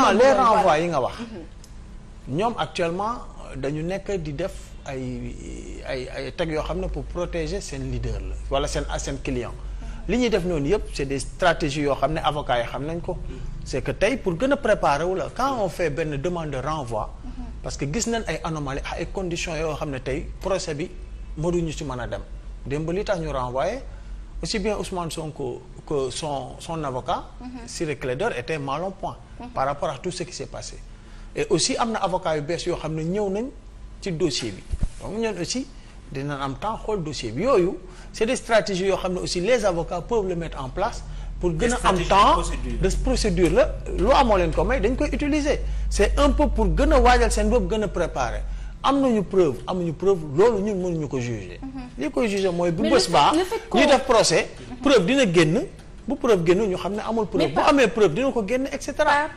non les renvois yi nga wax mhm. ñoom actuellement dañu nekk di def ay ay ay teg yoo xam ne pour protéger seen leader la wala seen seen client li ñuy def noonu yëpp c'est des stratégies yoo xam ne avocats yi xam nañ ko c'est que tey pour gën a préparer wu la quand on fait benn demande de mhm. parce que gis nañ ay anomalies ay conditions yoo xam ne tey procès bi mënuñu si mën a dem démb li tax ñu renvoyé aussi bien Ousmane Sonko que son son avocat. Mhm. Ciré Clédor était mal en point. Mhm. par rapport a tout ce qui s'est passé. et aussi am na avocat yu bees yoo xam ne ñëw nañ ci dossier bi donc ñoom aussi dinañ am temps xool dossier bi yooyu c'est des stratégies yoo xam ne aussi les avocats peuvent le mettre en place. pour gën a am temps de procédure la loo moo leen ko may dañ koy utiliser. c'est un peu pour gën a waajal seen bopp gën a préparer. am nañu preuve amuñu preuve loolu ñun mënuñu ko juger. Mhm. li koy juger mooy bu bés baa ñu def procès preuve dina génn bu preuve génn ñu xam ne amul preuve bu amee preuve dina ko génn et cetera